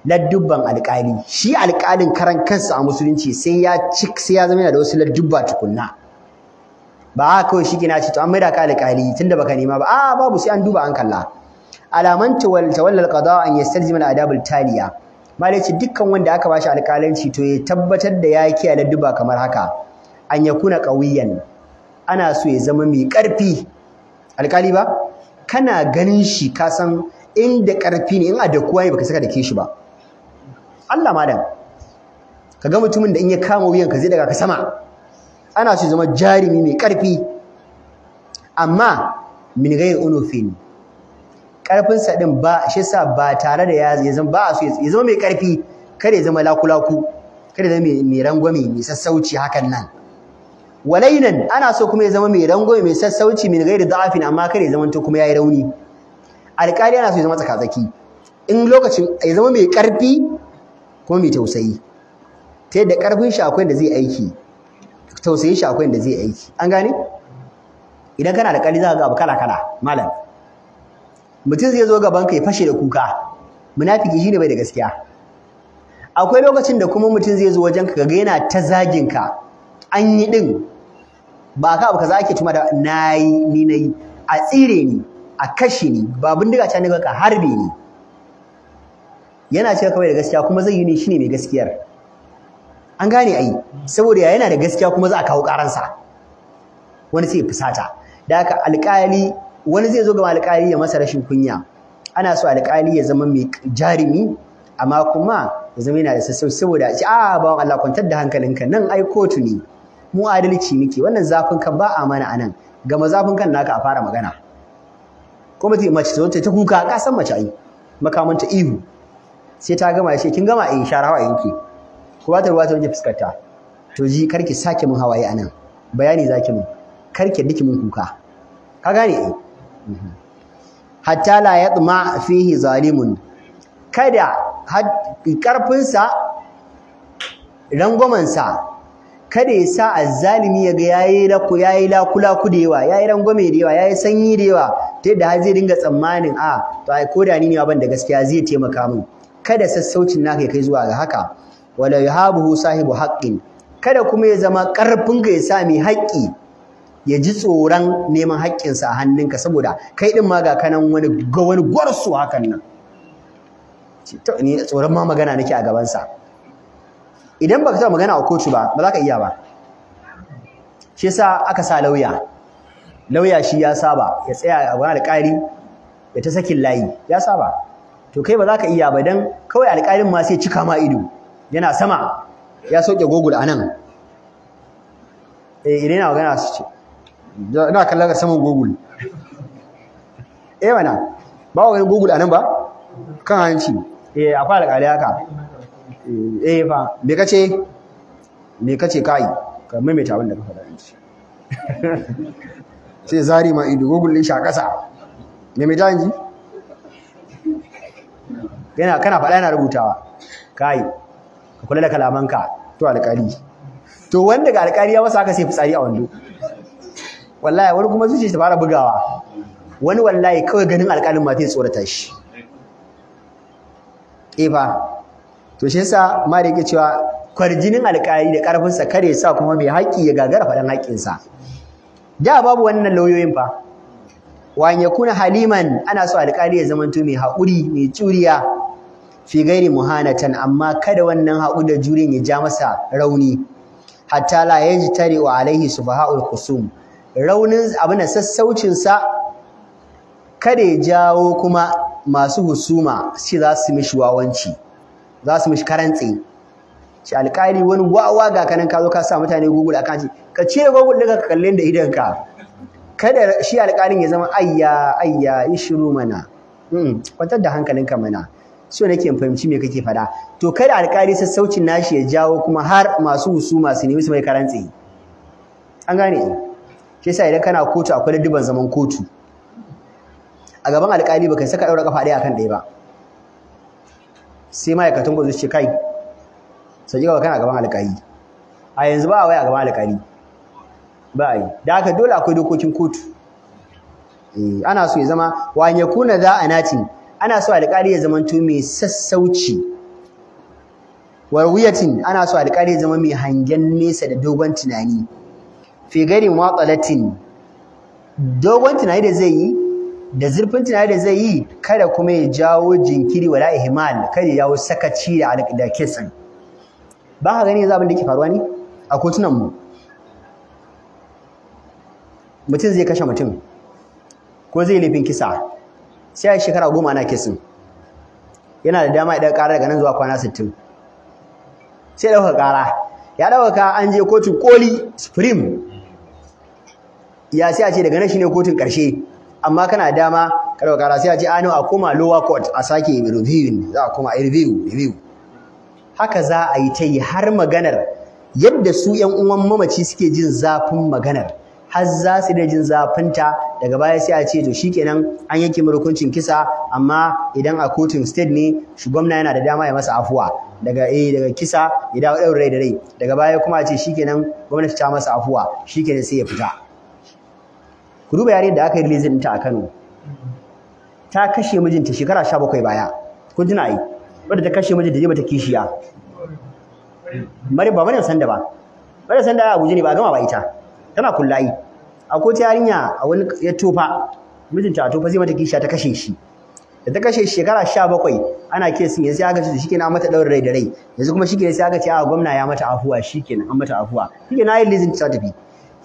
ladubban alƙali shi alƙalin karan kansa a musulunci sai ya cik sai ya zama yana da wasu ladubba tukunna ba a kawai shi kina ce to an maida ka alƙali tunda baka nema ba a babu sai an duba an kalla alaman tawalla alqada an yastalzima aladabul taliya malai ce dukkan wanda aka bashi alƙalanci to ya tabbatar da ya kiyaye duba kamar haka an kuna ƙauyen. ana so ya zama mai ƙarfi alƙali ba kana ganin shi ka san inda ƙarfi ne in a dakuwa ne baka saka da shi ba Allah malam ka ga mutumin da in ya kama wuyan ka zai daga ka sama ana so ya zama jarumi mai ƙarfi amma min ghairi unufin ƙarfinsa ɗin ba shi sa ba tare da ya zama ba a so ya zama mai ƙarfi kada ya zama laku-laku kada ya zama mai rangwame mai sassauci hakan nan walainan ana so kuma ya zama mai rangwame mai sassauci mai gairi da'afin amma kada ya zama to kuma ya yi rauni alƙali ana so ya zama tsakatsaki in lokacin ya zama mai ƙarfi kuma mai tausayi ta yadda ƙarfin shi akwai da zai aiki tausayin shi akwai da zai aiki an gane idan kana da ƙari za ka ga abu kala kala malam mutum zai zo gaban ka ya fashe da kuka munafiki shine bai da gaskiya akwai lokacin da kuma mutum zai zo wajen ka ga yana ta zagin ka an yi din ba ka abu kaza ake tuma da nayi ni nayi a tsire ni a kashe ni ba bindiga ta ne ka harbe ni yana cewa kawai da gaskiya kuma zai yi ne shine mai gaskiyar an gane ai saboda yana da gaskiya kuma za a kawo karansa wani sai fusata da haka alƙali wani zai zo ga alƙali ya masa rashin kunya ana so alƙali ya zama mai jarumi amma kuma ya zama yana da sassau saboda a ce a ah, bawan Allah kwantar da hankalinka nan ai kotu ne mu adalci muke wannan zafin kan ba a mana anan ga zafin kan naka a fara magana kuma ta mace ta ta kuka ka san mace ai makamanta ihu sai ta gama shi ce kin gama in eh, sharawa hawa yanki ko ba ta ruwa ta wanke fuskarta to ji karki sake mun hawaye anan bayani zaki mun karki diki mun kuka ka gane eh hatta la yatma fihi zalimun kada karfinsa rangwamansa kada ya sa azzalimi ya ga yayi lako yayi lakula ku da yawa yayi rangwame da yawa yayi sanyi da yawa ta yadda har zai dinga tsammanin a ah, to ai ko da ni ne ban da gaskiya zai taimaka min kada sassaucin naka ya kai zuwa ga haka wala yuhabuhu sahibu haqqin kada kuma ya zama karfin ka ya sa mai haƙƙi ya ji tsoron neman haƙƙinsa a hannunka saboda kai ɗin ma ga kanan wani wani gwarsu hakan nan ni tsoron ma magana nake a gabansa idan ba ka taɓa magana a kotu ba ba za ka iya ba shi yasa aka sa lauya lauya shi ya saba ya tsaya a wani alƙali ya ta sakin layi ya saba to kai ba za ka iya ba don kawai alƙalin ma sai cika ma ido yana sama ya soke gogul a nan eh idan yana magana su ce ina kallon a saman google eh mana ba wa ganin google a nan ba kan hanci eh akwai alƙali haka eh ba eh me kace me kace kai ka maimaita abin da ka faɗa hanci [laughs] sai zari ma ido google din shi a ƙasa mai janji yana kana faɗa yana rubutawa kai ka kula da kalamanka to alƙali to wanda ga alƙali ya masa ka sai fitsari a wando wallahi wani kuma zuciya ta fara bugawa wani wallahi kawai ganin alƙalin ma zai tsorata shi eh fa to shi yasa ma da yake cewa kwarjinin alƙali da ƙarfinsa kare sa kuma mai haƙƙi ya gagara faɗan sa da babu wannan lauyoyin fa wa an yakuna haliman ana so alƙali ya zamanto mai haƙuri mai juriya fi gairi muhanatan amma kada wannan haƙuri da juriyan ya ja masa rauni hatta la yajtari wa alaihi subha'ul khusum raunin abin da sassaucinsa kada ya jawo kuma masu husuma shi za su mishi wawanci za su mishi karantsi shi alƙali wani wawa ga kanan ka zo ka sa mutane google akan shi ka ce google ɗin ka kalle da idonka kada shi alƙalin ya zama ayya ayya in shiru mana kwantar da hankalinka mana so nake in fahimci me kake faɗa to kada alƙali sassaucin nashi ya jawo kuma har masu husuma su nemi su mai karantsi an gane shi yasa idan kana kotu akwai duban zaman kotu a gaban alƙali ba kai saka daura kafa ɗaya akan ɗaya ba sai ma'aikatan gwamnati ce kai sai ga kana gaban alƙali a yanzu ba wai a gaban alƙali ba a yi da haka dole akwai dokokin kotu eh, ana so ya zama wa kuna za a natin ana so alƙali ya zama to mai sassauci warwiyatin ana so alƙali ya zama mai hangen nesa da dogon tunani fi gari muwatsalatin dogon tunani da zai yi da zurfin tunani da zai yi kada kuma ya jawo jinkiri wala ihmal kada ya jawo sakaci da da kesin ba ka gani yanzu abin da ke faruwa ne a kotunan mu mutum zai kashe mutum ko zai laifin kisa sai a shekara goma ana kesin yana da dama idan ƙara daga nan zuwa kwana sittin sai ɗauka ƙara ya ɗauka an je kotu koli supreme ya sai a ce daga nan ne kotun ƙarshe amma kana dama ka dauka kara sai a ce a ah, a koma lower court a sake review za a koma a review review haka za a yi ta yi har maganar yadda su yan uwan mamaci suke jin zafin maganar har za su da jin zafinta daga baya sai a ce to shikenan an yanke hukuncin kisa amma idan a kotun state ne gwamna yana da dama ya masa afuwa daga eh daga kisa ya dawo rai da rai daga baya kuma a ce shikenan gwamnati ta masa afuwa shikenan sai ya fita ku duba yare da aka yi rilizin ɗinta a Kano ta kashe mijinta shekara sha bakwai baya kun tuna yi wadda ta kashe mijinta je mata kishiya mare ba mare sanda ba mare sanda Abuja ne ba gama ba ita tana kullayi akwai ta yarinya a wani ya tofa mijinta a tofa zai mata kishiya ta kashe shi da ta kashe shekara sha bakwai ana kesin yanzu aka ce shikenan mata ɗaurin rai da rai yanzu kuma shikenan sai ya gaci a gwamna ya mata afuwa shikenan an mata afuwa shikenan yi rilizin ta tafi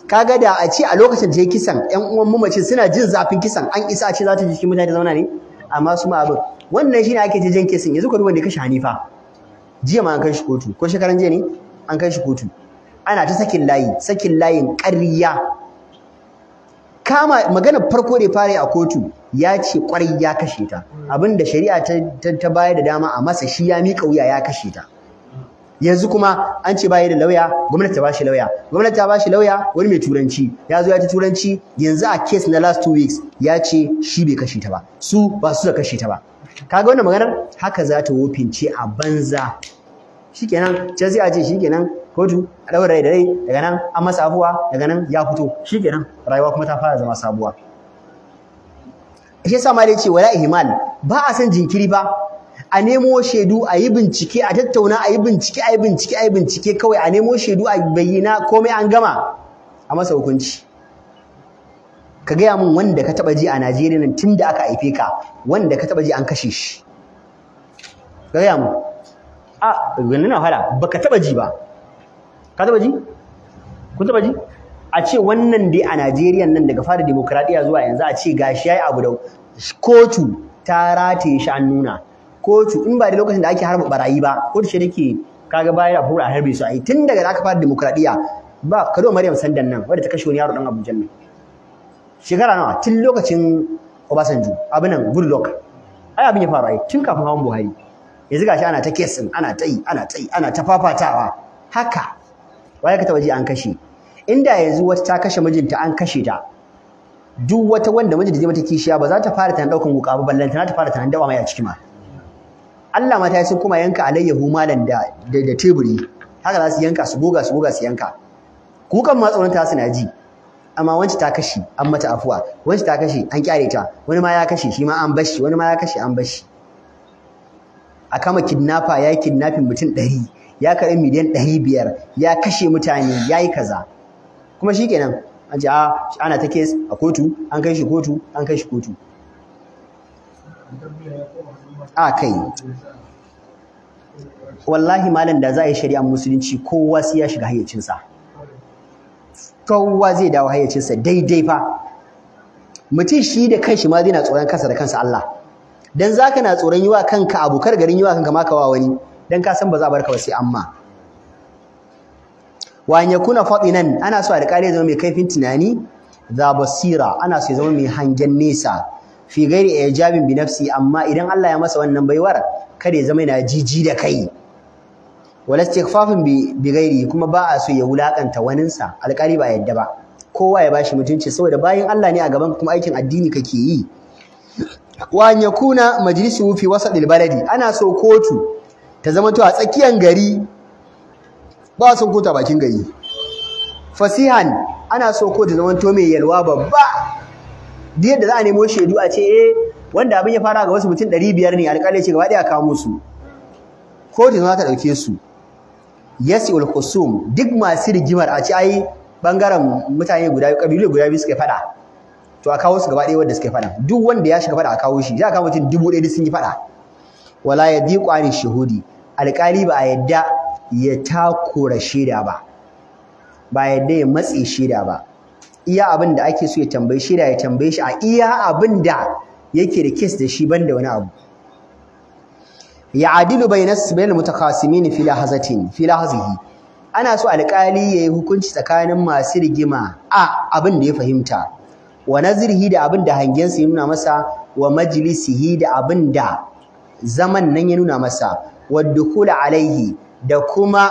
kaga da a ce a lokacin da ya kisan ƴan uwan mamacin suna jin zafin kisan an isa a ce za ta jiki mutane zauna ne amma su ma abin wannan shine ake ta jan kisan yanzu ka duba da kashe Hanifa jiya ma an kai shi kotu ko shekaran jiya ne an kai shi kotu ana ta sakin layi sakin layin ƙarya kama magana farko da fara a kotu ya ce ƙwarai ya kashe ta abinda shari'a ta ta bayar da dama a masa shi ya miƙa wuya ya kashe ta yanzu kuma an ce baya da lauya gwamnati ta bashi lauya gwamnati ta bashi lauya wani mai turanci ya zo ya ta turanci yanzu a case na last two weeks ya ce shi bai kashe ta ba su ba su da kashe ta ba kaga wannan maganar haka za ta wofince a banza shikenan can sai a ce shikenan kotu a ɗaura rai da rai daga nan an masa abuwa, daga nan ya fito shikenan rayuwa kuma ta fara zama sabuwa shi yasa ma dai ce wala ihmal ba a san jinkiri ba a nemo shaidu a yi bincike a tattauna a yi bincike a yi bincike a yi bincike kawai a nemo shaidu a bayyana komai an gama a masa hukunci ka gaya min wanda ka taɓa ji a Najeriya nan tun da aka haife ka wanda ka taɓa ji an kashe shi ka gaya min a yanzu na fara ba ka taɓa ji ba ka taɓa ji kun taɓa ji a ce wannan dai a Najeriya nan daga fara demokradiyya zuwa yanzu a ce gashi yayi abu da kotu ta rataye shi an nuna kotu in ba da lokacin da ake harba barayi ba kotu ce take kaga baya da fura a harbe su a yi tun daga da aka fara demokradiyya ba zo Maryam Sandan nan wadda ta kashe wani yaro dan Abuja nan shekara nawa tun lokacin Obasanjo abinan Goodluck ai abin ya faru ai tun kafin hawan Buhari yanzu gashi ana ta kesin ana ta yi ana ta yi ana ta fafatawa haka waye ka taba ji an kashe inda yanzu wata ta kashe mijinta an kashe ta duk wata wanda mijinta zai mata kishiya ba za ta fara tana daukan wuka ba ballanta ta fara tana dawa mai a ciki ma Allah mata sai kuma yanka alayyahu malan da da teburi haka za su yanka su goga su goga su yanka kukan ma ta suna ji amma wance ta kashe an mata afuwa wance ta kashe an kyare ta wani ma ya kashe shi ma an bashi wani ma ya kashe an bashi a kama kidnapper ya yi kidnapping mutum ɗari ya karɓi miliyan ɗari biyar ya kashe mutane ya yi kaza kuma shi kenan a ji a ana ta kes a kotu an kai shi kotu an kai shi kotu a kai wallahi malam da za a yi shari'ar musulunci kowa sai ya shiga hayyacinsa kowa zai dawo hayyacinsa daidai fa mutum shi da kanshi ma zai na tsoron kansa da kansa Allah dan zaka na tsoron yiwa kanka abu garin yiwa kanka ma kawa wani dan ka san ba za a barka ba sai amma wa an yakuna fadinan ana so alƙali zama mai kaifin tunani za basira ana so ya zama mai hangen nesa fi ghairi ijabin bi nafsi amma idan Allah ya masa wannan baiwar kada ya zama yana jiji da kai wala istighfafin bi ghairi kuma ba a so ya wulakanta waninsa alƙali ba yadda ba kowa ya bashi mutunci saboda bayan Allah ne a gaban kuma aikin addini kake yi wa an yakuna majlisu fi wasadil baladi ana so kotu ta zama to a tsakiyar gari ba a so kotu a bakin gari fasihan ana so kotu zama to mai yalwa babba duk yadda za a nemo shaidu a ce eh wanda abin ya fara ga wasu mutum ɗari biyar ne alƙali ce gaba ɗaya kawo musu kotun za ta ɗauke su yasi ul khusum duk masu rigimar a ce ai bangaren mutane guda biyu, kabilu guda biyu suka faɗa to a kawo su gaba ɗaya wanda suka faɗa duk wanda ya shiga faɗa a kawo shi za a kawo mutum dubu ɗaya sun yi faɗa wala ya di ƙwani shahudi alƙali ba a yadda ya takura shaida ba ba yadda ya matse shaida ba iya abin da ake so ya tambaye shi da ya tambaye shi a iya abin da yake da kes da shi banda wani abu ya adilu bainas bainal mutakasimin fi lahazatin fi lahazihi ana so alƙali yi hukunci tsakanin masu rigima a abin da ya fahimta wa nazirhi da abin da hangen sa ya nuna masa wa majlisihi da abin da zaman nan ya nuna masa wa dukula alaihi da kuma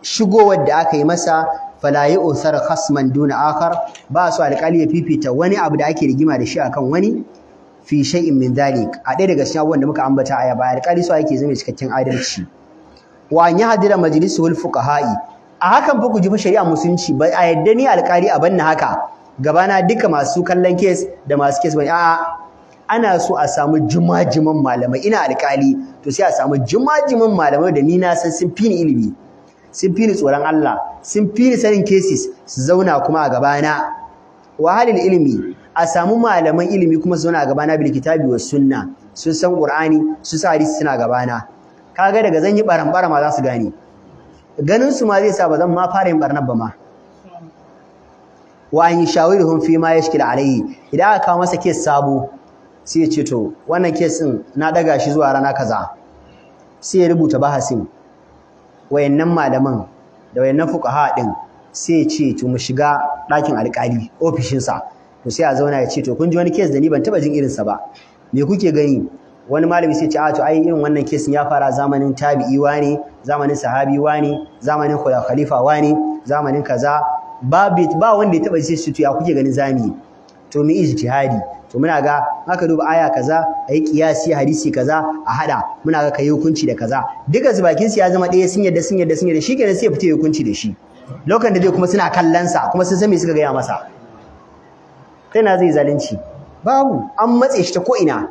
shigowar da aka yi masa fala yi usar khasman duna akhar ba su alƙali ya fifita wani abu da ake rigima da shi akan wani fi shay'in min a ɗaya daga cikin da muka ambata a ba alƙali su ake zama cikakken adalci wa an yahdira majlisul fuqaha'i a hakan ba ku ji fa shari'a musulunci ba a yadda ni alƙali a banna haka gabana duka masu kallon kes da masu kes bane a'a ana so a samu jimajiman jiman malamai ina alƙali to sai a samu jimajiman malamai da ni na san sun fi ni ilimi sun fi ni tsoron Allah sun fi ni sanin cases su zauna kuma a gabana wahalin ilimi a samu malaman ilimi kuma su zauna a gabana bil kitabi wa sunna sun san qur'ani sun sa hadisi suna gabana kaga daga zan yi baran bara ma za su gane ganin su ma zai sa ba zan ma fara yin barnar ba ma wa an yashawirhum fi ma yashkil alayhi idan aka kawo masa kes sabo sai ya ce to wannan kes din na daga shi zuwa rana kaza sai ya rubuta bahasin wayannan malaman da wayannan fuqaha din sai ya ce to mu shiga ɗakin alƙali ofishinsa to sai a zauna ya ce to kun ji wani kes da ni ban taba jin irin sa ba me kuke gani wani malami sai ya ce a to ai irin wannan kesin ya fara zamanin tabi'i ne zamanin sahabi ne zamanin khalifa ne zamanin kaza ba ba wanda ya taɓa ce to ya kuke ganin zami to mu ijtihadi to muna ga aka duba aya kaza ayi kiyasi hadisi kaza a hada muna ga kai hukunci da kaza duka zubakin su ya zama ɗaya sun yadda sun yadda sun yadda shikenan sai ya fita hukunci da shi lokacin da zai kuma suna kallon sa kuma sun san me suka gaya masa kai na zai zalunci babu an matse shi ta ko ina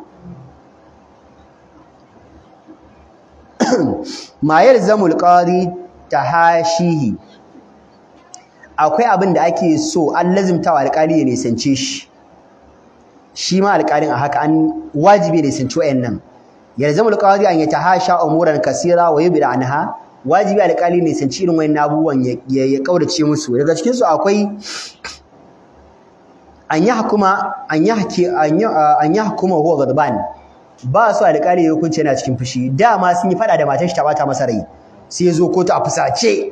[clears throat] ma yalzamul qadi tahashihi akwai abin da ake so an lazimtawa alƙali ya nisance shi shi ma alƙalin a haka an wajibi ne sun ci wayannan yalzamu alƙalin an hasha umuran kasira wa yubda anha wajibi alƙali ne sun ci irin wayannan abubuwan ya kaurace musu daga cikin su akwai an hukuma an hake an hukuma huwa gadban ba su alƙali ya hukunci yana cikin fushi dama sun yi fada da matar shi ta bata masa rai sai ya zo kotu a fusace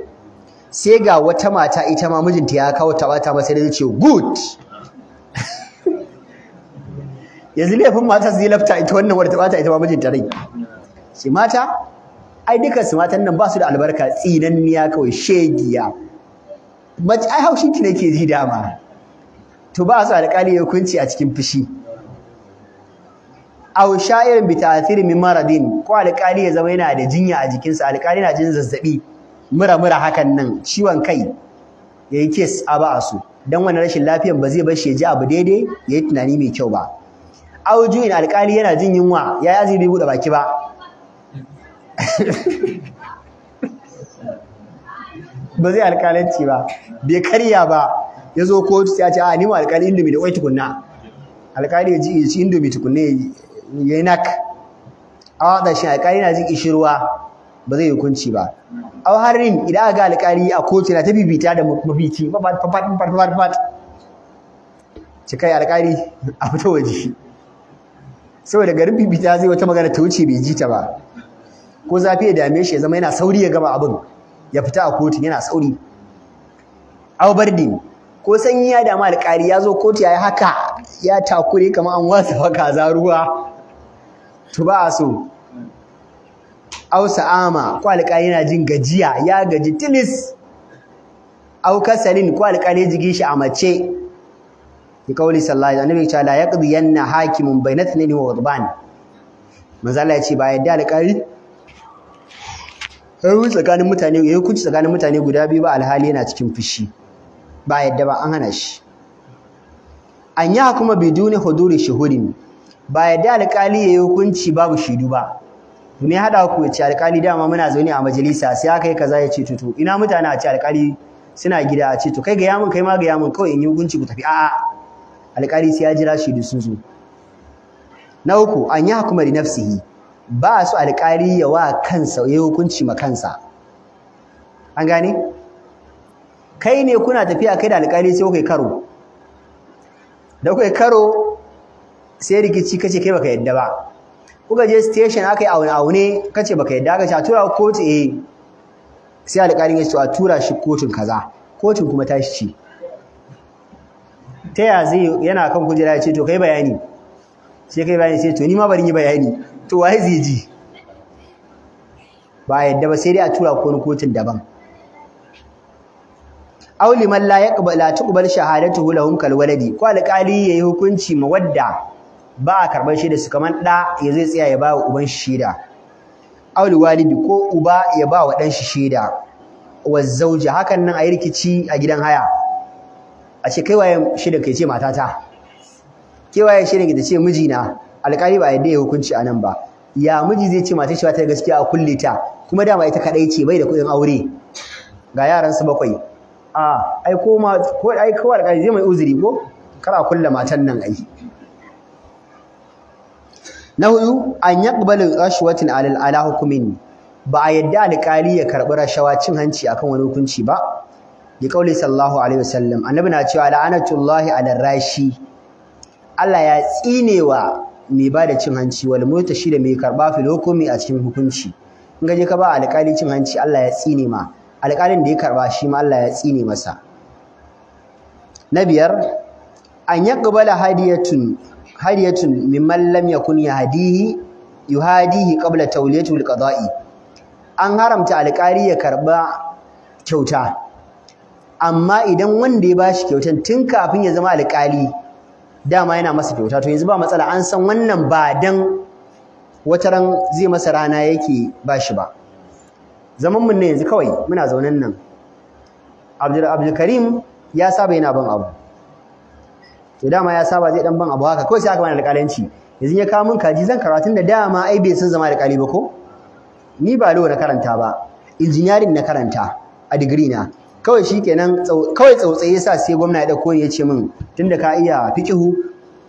sai ga wata mata ita ma mijinta ya kawo ta bata masa rai ya ce good yanzu laifin mata su yi lafta ita wannan wadda ta bata ita ma mijinta rai shi mata ai dukkan su matan nan ba su da albarka tsinanniya kawai shegiya mace ai haushin ki nake ji dama to ba su alƙali ya hukunci a cikin fushi aw sha'irin bi ta'thiri min maradin ko alƙali ya zama yana da jinya a jikin sa alƙali na jin zazzabi mura mura hakan nan ciwon kai yayi kes a ba su dan wannan rashin lafiyar ba zai bar shi ya ji abu daidai yayi tunani mai kyau ba auju in alƙali yana jin yunwa ya yazi bai buɗe baki ba [laughs] ba zai alƙalanci ba bai karya ba ya zo kotu ta ya ce a ni alƙali alƙali indomi da kwai tukunna alƙali ya ji ya ci indomi tukunna ya yi nak a waɗa shi alƙali na jin ishirwa, ba zai hukunci ba a harin idan aka ga alƙali a kotu na ta bibita da mafici fafat fafat fafat cikai alƙali a fita waje saboda garin bibita zai wata magana ta wuce bai ji ta ba ko zafi ya dame shi ya zama yana sauri ya gama abin ya fita a kotun yana sauri albardin ko sanyi ya dama alƙari ya zo kotu ya yi haka ya takure kamar an wasa waka za ruwa to ba a so au sa'ama ko alƙali yana jin gajiya ya gaji tilis aukasarin kasalin ko alƙali jigi shi a mace bi kauli sallallahu alaihi annabi ya ce la yaqdi yanna hakimun bainatni wa ghadban manzo Allah ya ce ba yadda alƙari yayi tsakanin mutane yayi hukunci tsakanin mutane guda biyu ba alhali yana cikin fushi ba yadda ba an hana shi an yi kuma biduni huduri shuhurin ba yadda alƙali yayi hukunci babu shidu ba ne ya hada ku ya ce alƙali dama muna zaune a majalisa sai aka yi kaza ya ce to ina mutane a ce alƙali suna gida a ce to kai ga yamin kai ma ga yamin kawai in yi hukunci ku tafi a'a alƙali sai ya jira shaidu da zo na uku an yi hakuma li nafsihi ba su alƙali ya wa kansa ya hukunci ma kansa an gane kai ne kuna tafiya kai da alƙali sai kai karo da kai karo sai rikici kace kai baka yadda ba kuka je station aka yi aune aune kace baka yadda kace a tura kotu eh sai alƙalin ya ce a tura shi kotun kaza kotun kuma tashi ce ta ya zai yana kan kujera ya ce to kai bayani sai kai bayani sai to ni ma bari yi bayani to waye zai ji ba yadda ba sai dai a tura ko wani kotun daban Auli man la yaqbal la tuqbal shahadatuhu lahum kal waladi ko alƙali yayi hukunci ma wadda ba a karɓar da su kaman da ya zai tsaya ya ba wa uban shida Auli walidi ko uba ya ba wa ɗan shi shaida wa zauja hakan nan a yi rikici a gidan haya a ce kai waye shaidan kai ce matata kai waye shaidan ki ce mijina alƙali ba yadda ya hukunci a nan ba ya miji zai ce matar shi ba ta gaskiya a kulle ta kuma dama ita kadai ce bai da kuɗin aure ga yaran su bakwai a ai ko ma ko ai ko alƙali zai mai uzuri ko kara kulle matan nan ai na hudu an yaqbalu rashwatin alal ala hukumin ba a yadda alƙali ya karɓi rashawa cin hanci akan wani hukunci ba bi sallallahu alaihi wasallam annabi na cewa la'anatullahi ala rashi Allah ya tsinewa mai ba da cin hanci wal mutashi da mai karba fil hukumi a cikin hukunci in gaje ka ba alƙali cin hanci Allah ya tsine ma alƙalin da ya karba shi ma Allah ya tsine masa na biyar an yaqbala hadiyatun hadiyatun mimman lam yakun yahdihi yuhadihi qabla tawliyatul qada'i an haramta alƙali ya karba kyauta amma idan wanda ya bashi kyautan tun kafin ya zama alƙali dama yana masa kyauta to yanzu ba matsala an san wannan ba dan wata ran zai masa rana yake bashi ba zaman mun ne yanzu kawai muna zaunan nan Abdul Abdul Karim ya saba yana ban abu to dama ya saba zai dan ban abu haka kawai sai aka bani alƙalanci yanzu ya kawo min kaji zan karatu da dama ai bai san zama alƙali ba ko ni ba lo na karanta ba injiniyarin na karanta a digiri na kawai shikenan kawai tsautsaye yasa sai gwamna ya dauko ya ce min tunda ka iya fiqihu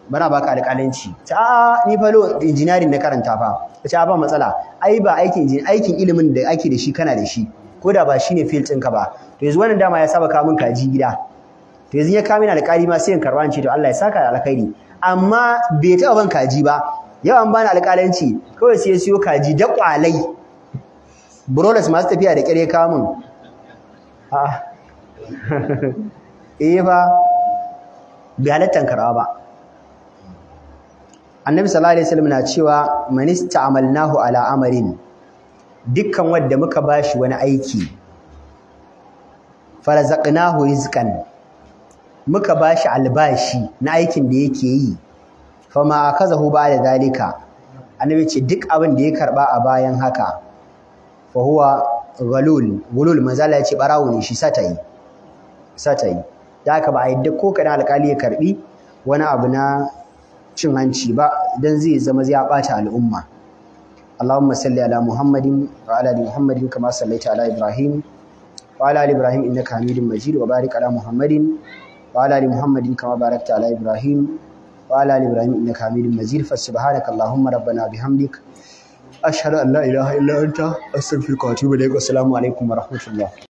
bara baka alƙalanci ta a ni fa lo engineering na karanta fa ta ba matsala ai ba aikin aikin ilimin da ake da shi kana da shi ko da ba shine field ka ba to yanzu wannan dama ya saba ka min kaji gida to yanzu ya kawo min alƙali ma sai in karba ce to Allah ya saka da alƙali. amma bai taɓa ban kaji ba Yau an bani alƙalanci kawai sai ya siyo kaji da ƙwalai Brothers masu tafiya da ƙyar ya kawo [laughs] eh fa bai halattan ba annabi sallallahu alaihi wasallam na cewa manista amalnahu ala amarin dukkan wanda muka bashi wani aiki farazaqnahu rizqan muka bashi albashi na aikin da yake yi fama akazahu ba da zalika annabi ce duk abin da ya karɓa a bayan haka fa huwa ghalul ghalul manzala ya ce barawo shi sata sata yi da haka ba a yadda ko kaɗan alƙali ya karɓi wani abu na cin hanci ba don zai zama zai ɓata al'umma Allahumma salli ala Muhammadin wa ala ali Muhammadin kama sallaita ala Ibrahim wa ala ali Ibrahim innaka Hamidum Majid wa barik ala Muhammadin wa ala ali Muhammadin kama barakta ala Ibrahim wa ala ali Ibrahim innaka Hamidum Majid fa subhanaka Allahumma rabbana bihamdik ashhadu an la ilaha illa anta astaghfiruka wa atubu ilaik wa assalamu alaikum wa rahmatullah